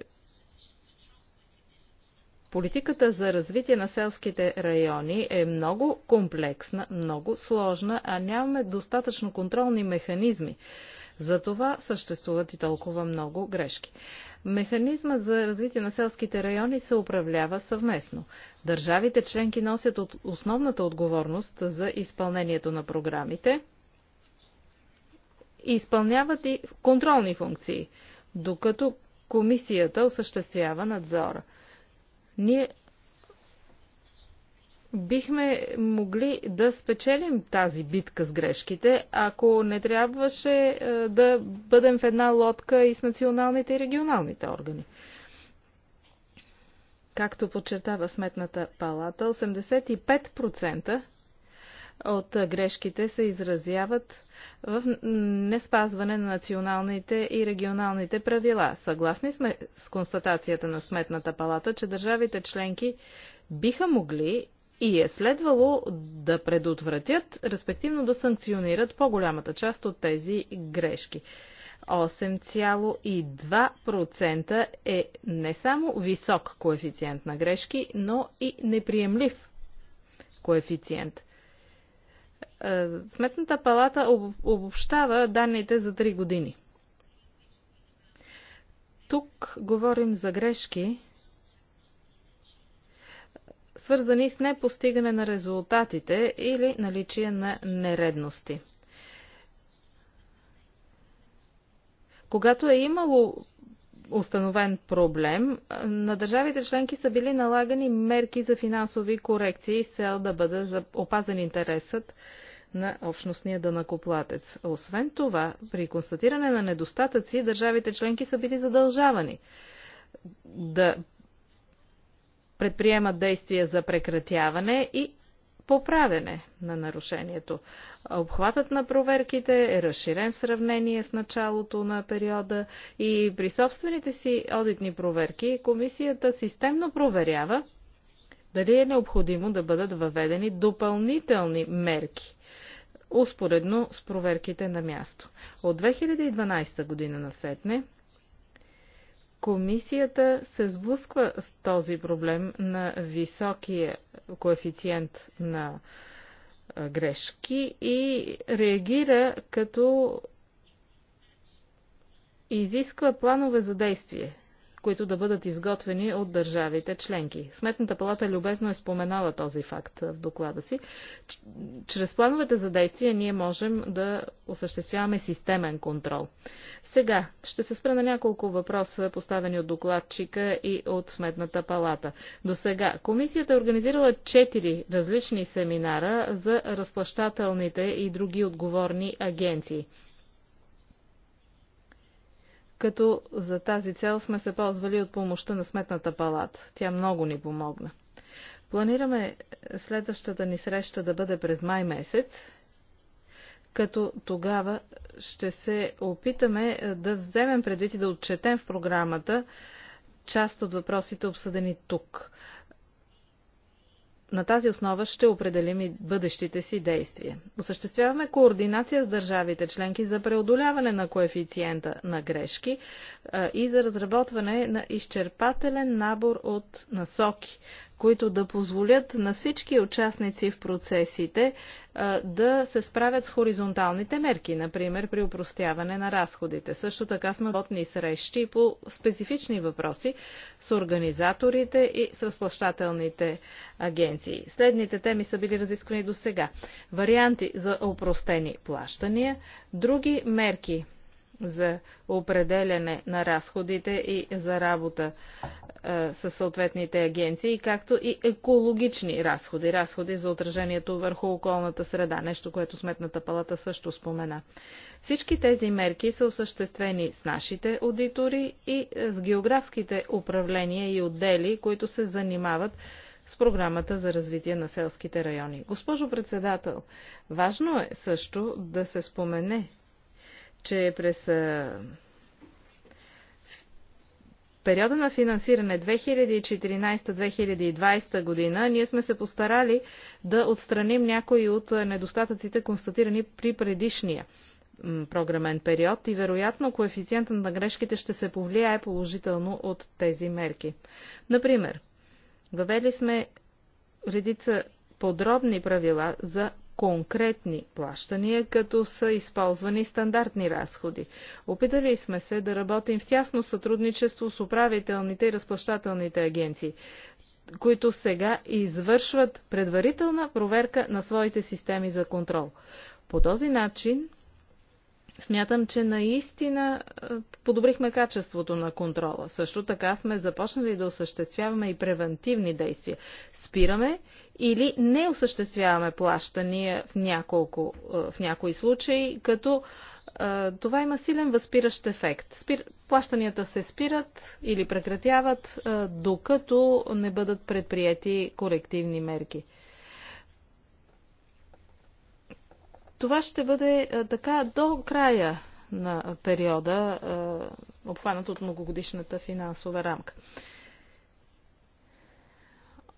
Политиката за развитие на селските райони е много комплексна, много сложна, а нямаме достатъчно контролни механизми. Затова съществуват и толкова много грешки. Механизмът за развитие на селските райони се управлява съвместно. Държавите членки носят от основната отговорност за изпълнението на програмите и изпълняват и контролни функции, докато комисията осъществява надзора. Ние бихме могли да спечелим тази битка с грешките, ако не трябваше е, да бъдем в една лодка и с националните и регионалните органи. Както подчертава Сметната палата, 85% от грешките се изразяват в неспазване на националните и регионалните правила. Съгласни сме с констатацията на Сметната палата, че държавите членки биха могли и е следвало да предотвратят, респективно да санкционират по-голямата част от тези грешки. 8,2% е не само висок коефициент на грешки, но и неприемлив коефициент. Е, Сметната палата обобщава данните за 3 години. Тук говорим за грешки, свързани с непостигане на резултатите или наличие на нередности. Когато е имало установен проблем, на държавите членки са били налагани мерки за финансови корекции с цел да бъде опазен интересът на общностния дънакоплатец. Освен това, при констатиране на недостатъци, държавите членки са били задължавани да предприемат действия за прекратяване и поправене на нарушението. Обхватът на проверките е разширен в сравнение с началото на периода и при собствените си одитни проверки комисията системно проверява дали е необходимо да бъдат въведени допълнителни мерки успоредно с проверките на място. От 2012 година насетне Комисията се сблъсква с този проблем на високия коефициент на грешки и реагира като изисква планове за действие които да бъдат изготвени от държавите членки. Сметната палата любезно е споменала този факт в доклада си. Чрез плановете за действие ние можем да осъществяваме системен контрол. Сега ще се спра на няколко въпроса, поставени от докладчика и от Сметната палата. До сега комисията е организирала 4 различни семинара за разплащателните и други отговорни агенции като за тази цел сме се ползвали от помощта на Сметната палата. Тя много ни помогна. Планираме следващата ни среща да бъде през май месец, като тогава ще се опитаме е, да вземем предвид и да отчетем в програмата част от въпросите, обсъдени тук на тази основа ще определим и бъдещите си действия. Осъществяваме координация с държавите членки за преодоляване на коефициента на грешки и за разработване на изчерпателен набор от насоки които да позволят на всички участници в процесите да се справят с хоризонталните мерки, например при упростяване на разходите. Също така сме работни срещи по специфични въпроси с организаторите и с разплащателните агенции. Следните теми са били разисквани до сега. Варианти за упростени плащания, други мерки – за определене на разходите и за работа е, с съответните агенции, както и екологични разходи, разходи за отражението върху околната среда, нещо, което Сметната палата също спомена. Всички тези мерки са осъществени с нашите аудитори и е, с географските управления и отдели, които се занимават с програмата за развитие на селските райони. Госпожо председател, важно е също да се спомене, че през периода на финансиране 2014-2020 година ние сме се постарали да отстраним някои от недостатъците, констатирани при предишния програмен период и вероятно коефициентът на грешките ще се повлияе положително от тези мерки. Например, въвели сме редица подробни правила за конкретни плащания, като са използвани стандартни разходи. Опитали сме се да работим в тясно сътрудничество с управителните и разплащателните агенции, които сега извършват предварителна проверка на своите системи за контрол. По този начин Смятам, че наистина подобрихме качеството на контрола. Също така сме започнали да осъществяваме и превентивни действия. Спираме или не осъществяваме плащания в, няколко, в някои случаи, като това има силен възпиращ ефект. Спир... Плащанията се спират или прекратяват, докато не бъдат предприяти корективни мерки. Това ще бъде е, така до края на периода, е, обхванат от многогодишната финансова рамка.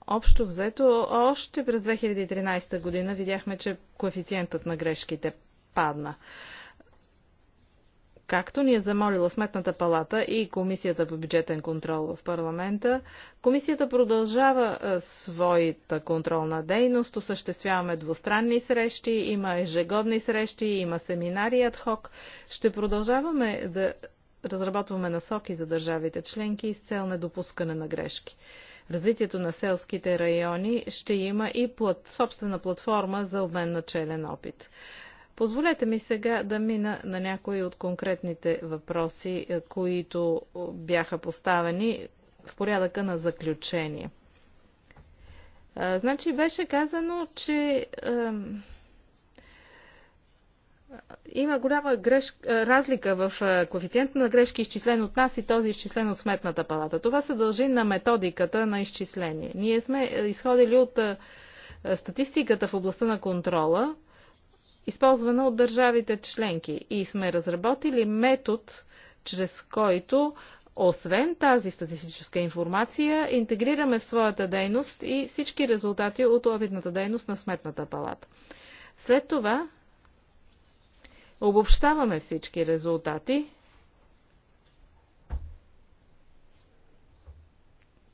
Общо взето, още през 2013 година видяхме, че коефициентът на грешките падна. Както ни е замолила Сметната палата и Комисията по бюджетен контрол в парламента, Комисията продължава своята контролна дейност. Осъществяваме двустранни срещи, има ежегодни срещи, има семинари адхок. Ще продължаваме да разработваме насоки за държавите членки с цел недопускане на грешки. Развитието на селските райони ще има и плат, собствена платформа за обмен на челен опит. Позволете ми сега да мина на някои от конкретните въпроси, е, които е, бяха поставени в порядъка на заключение. Е, значи беше казано, че има голяма греш... разлика в коефициента на грешки, изчислен от нас и този изчислен от сметната палата. Това се дължи на методиката на изчисление. Ние сме изходили от статистиката в областта на контрола, използвана от държавите членки. И сме разработили метод, чрез който освен тази статистическа информация, интегрираме в своята дейност и всички резултати от одитната дейност на Сметната палата. След това обобщаваме всички резултати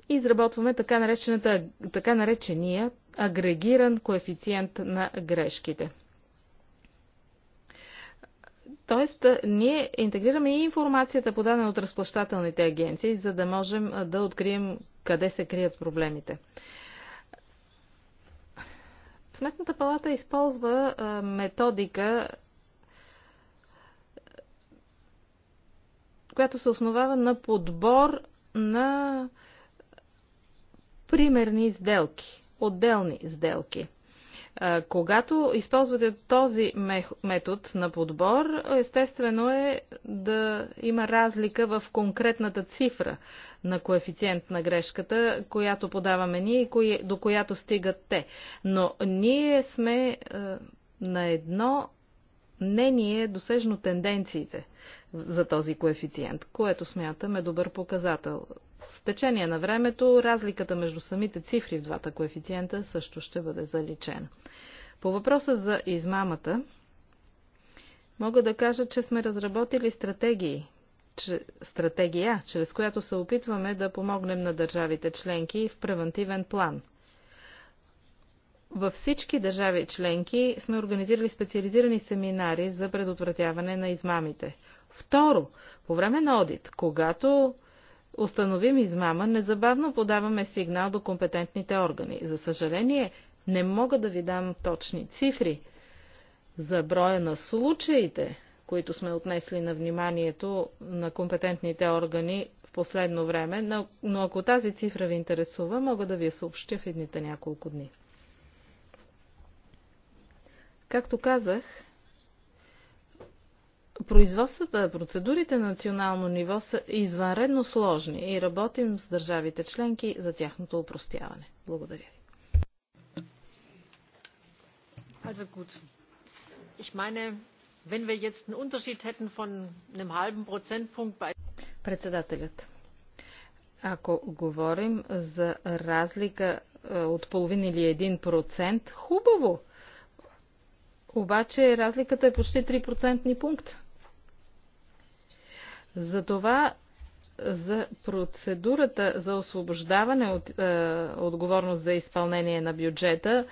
и изработваме така, така наречения агрегиран коефициент на грешките – Тоест, ние интегрираме и информацията, подадена от разплащателните агенции, за да можем да открием къде се крият проблемите. Сметната палата използва методика, която се основава на подбор на примерни сделки, отделни сделки. Когато използвате този метод на подбор, естествено е да има разлика в конкретната цифра на коефициент на грешката, която подаваме ние и до която стигат те. Но ние сме на едно мнение е досежно тенденциите за този коефициент, което смятам е добър показател. С течение на времето разликата между самите цифри в двата коефициента също ще бъде заличена. По въпроса за измамата, мога да кажа, че сме разработили стратегии, че, стратегия, чрез която се опитваме да помогнем на държавите членки в превентивен план – във всички държави членки сме организирали специализирани семинари за предотвратяване на измамите. Второ, по време на одит, когато установим измама, незабавно подаваме сигнал до компетентните органи. За съжаление, не мога да ви дам точни цифри за броя на случаите, които сме отнесли на вниманието на компетентните органи в последно време, но ако тази цифра ви интересува, мога да ви я съобщя в едните няколко дни. Както казах, производствата, процедурите на национално ниво са извънредно сложни и работим с държавите членки за тяхното упростяване. Благодаря ви. Also gut. Ich meine, wenn wir jetzt einen Unterschied hätten von einem halben Prozentpunkt bei Председателят. Ако говорим за разлика е, от половин или един процент, хубаво. Обаче разликата е почти 3% пункт. Затова за процедурата за освобождаване от е, отговорност за изпълнение на бюджета е,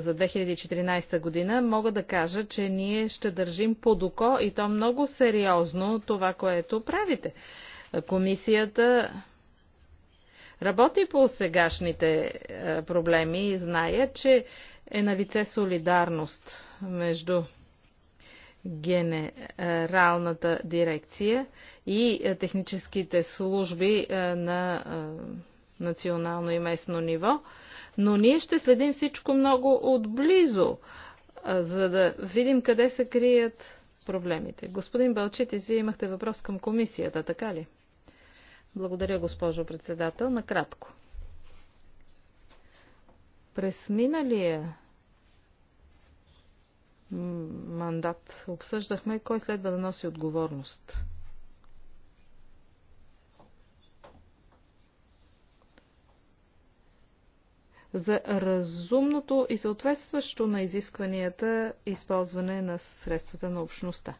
за 2014 година, мога да кажа, че ние ще държим под око и то много сериозно това, което правите. Комисията работи по сегашните е, проблеми и знае, че е на лице солидарност между генералната дирекция и е, техническите служби е, на е, национално и местно ниво. Но ние ще следим всичко много отблизо, за да видим къде се крият проблемите. Господин Балчитис, вие имахте въпрос към комисията, така ли? Благодаря, госпожо председател. Накратко. През миналия мандат обсъждахме кой следва да носи отговорност. за разумното и съответстващо на изискванията използване на средствата на общността.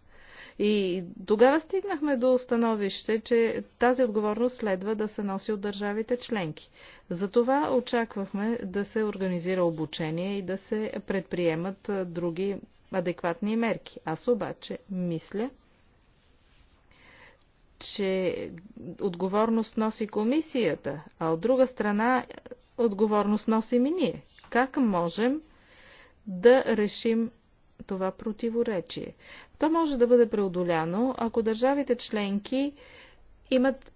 И тогава стигнахме до установище, че тази отговорност следва да се носи от държавите членки. Затова очаквахме да се организира обучение и да се предприемат други адекватни мерки. Аз обаче мисля, че отговорност носи комисията, а от друга страна отговорност носим и ние. Как можем да решим това противоречие. То може да бъде преодоляно, ако държавите членки имат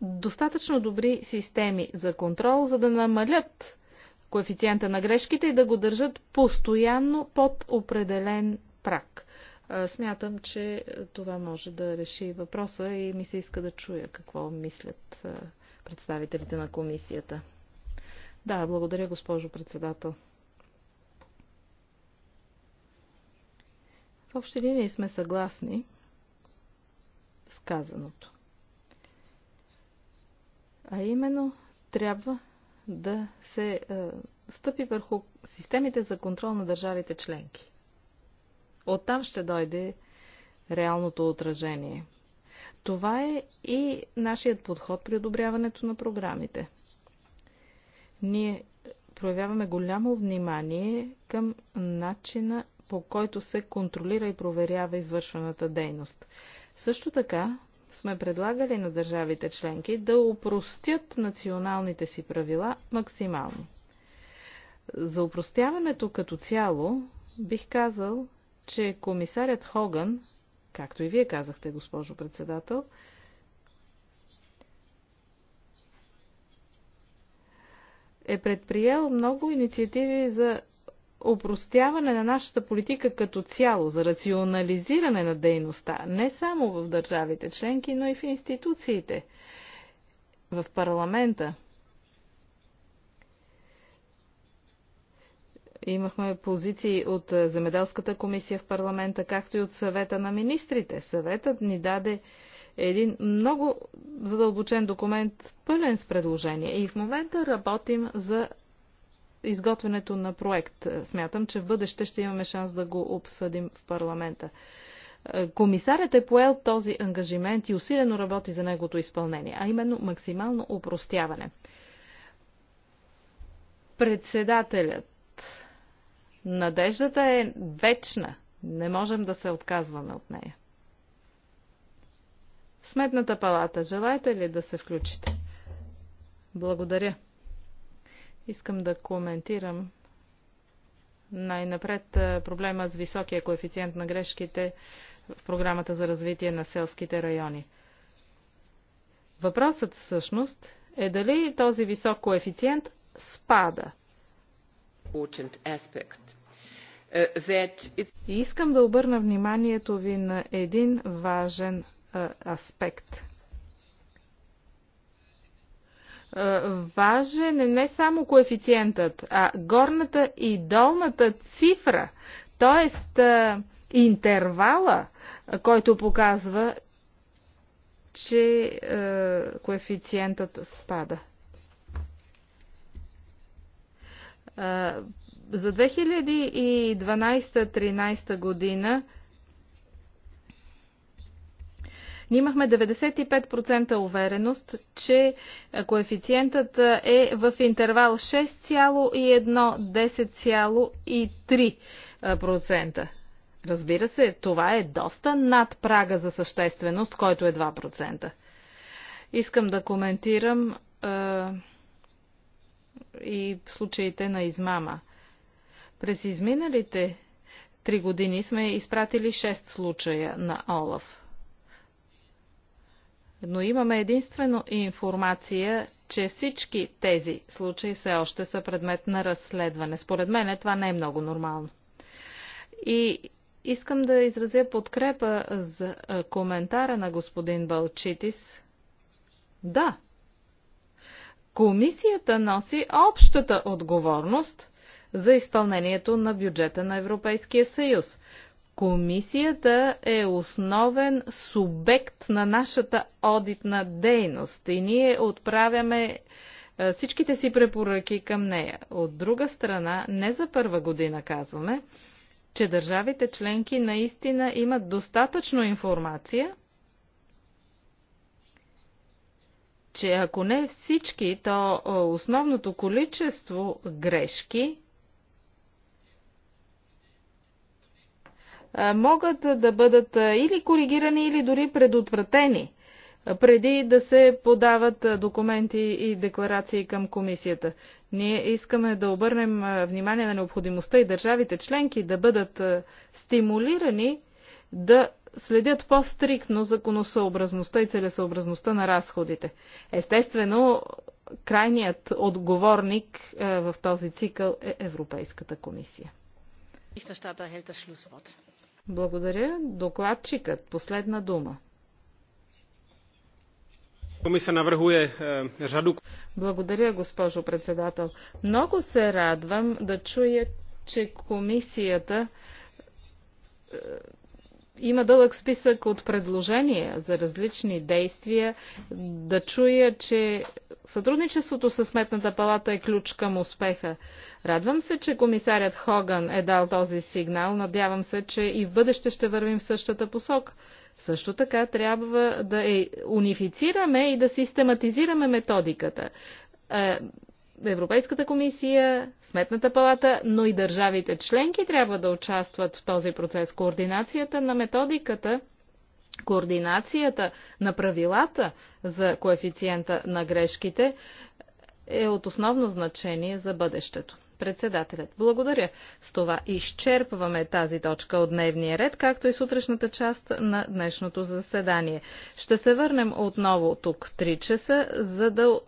достатъчно добри системи за контрол, за да намалят коефициента на грешките и да го държат постоянно под определен прак. Смятам, че това може да реши въпроса и ми се иска да чуя какво мислят представителите на комисията. Да, благодаря, госпожо председател. В общи линии сме съгласни с казаното. А именно, трябва да се е, стъпи върху системите за контрол на държавите членки. Оттам ще дойде реалното отражение. Това е и нашият подход при одобряването на програмите. Ние проявяваме голямо внимание към начина по който се контролира и проверява извършваната дейност. Също така сме предлагали на държавите членки да упростят националните си правила максимално. За упростяването като цяло бих казал, че комисарят Хоган, както и вие казахте, госпожо председател, е предприел много инициативи за опростяване на нашата политика като цяло, за рационализиране на дейността, не само в държавите членки, но и в институциите, в парламента. Имахме позиции от е, Земеделската комисия в парламента, както и от съвета на министрите. Съветът ни даде един много задълбочен документ, пълен с предложения. И в момента работим за изготвянето на проект. Смятам, че в бъдеще ще имаме шанс да го обсъдим в парламента. Е, комисарят е поел този ангажимент и усилено работи за неговото изпълнение, а именно максимално упростяване. Председателят. Надеждата е вечна. Не можем да се отказваме от нея. Сметната палата, желаете ли да се включите? Благодаря. Искам да коментирам най-напред проблема с високия коефициент на грешките в програмата за развитие на селските райони. Въпросът всъщност е дали този висок коефициент спада. Uh, И искам да обърна вниманието ви на един важен аспект. Е, важен е не само коефициентът, а горната и долната цифра, т.е. интервала, който показва, че е, коефициентът спада. Е, за 2012-2013 година Ние имахме 95% увереност, че коефициентът е в интервал 6,1-10,3%. Разбира се, това е доста над прага за същественост, който е 2%. Искам да коментирам е, и случаите на измама. През изминалите три години сме изпратили 6 случая на Олаф но имаме единствено информация, че всички тези случаи все още са предмет на разследване. Според мен това не е много нормално. И искам да изразя подкрепа за коментара на господин Балчитис. Да, комисията носи общата отговорност за изпълнението на бюджета на Европейския съюз. Комисията е основен субект на нашата одитна дейност и ние отправяме е, всичките си препоръки към нея. От друга страна, не за първа година казваме, че държавите членки наистина имат достатъчно информация, че ако не всички, то е, основното количество грешки могат да бъдат или коригирани, или дори предотвратени преди да се подават документи и декларации към комисията. Ние искаме да обърнем внимание на необходимостта и държавите членки да бъдат стимулирани да следят по-стриктно законосъобразността и целесъобразността на разходите. Естествено, крайният отговорник в този цикъл е Европейската комисия. erhält das Schlusswort. Благодаря. Докладчикът. Последна дума. Комисия навърхуе е, жаду. Благодаря, госпожо председател. Много се радвам да чуя, че комисията е, има дълъг списък от предложения за различни действия. Да чуя, че сътрудничеството с Сметната палата е ключ към успеха. Радвам се, че комисарят Хоган е дал този сигнал. Надявам се, че и в бъдеще ще вървим в същата посока. Също така трябва да е унифицираме и да систематизираме методиката е, Европейската комисия, Сметната палата, но и държавите членки трябва да участват в този процес. Координацията на методиката, координацията на правилата за коефициента на грешките е от основно значение за бъдещето. Председателят, благодаря. С това изчерпваме тази точка от дневния ред, както и сутрешната част на днешното заседание. Ще се върнем отново тук 3 часа, за да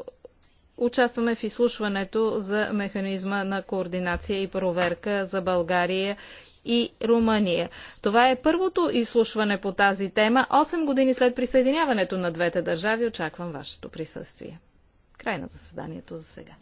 Участваме в изслушването за механизма на координация и проверка за България и Румъния. Това е първото изслушване по тази тема. 8 години след присъединяването на двете държави очаквам вашето присъствие. Край на заседанието за сега.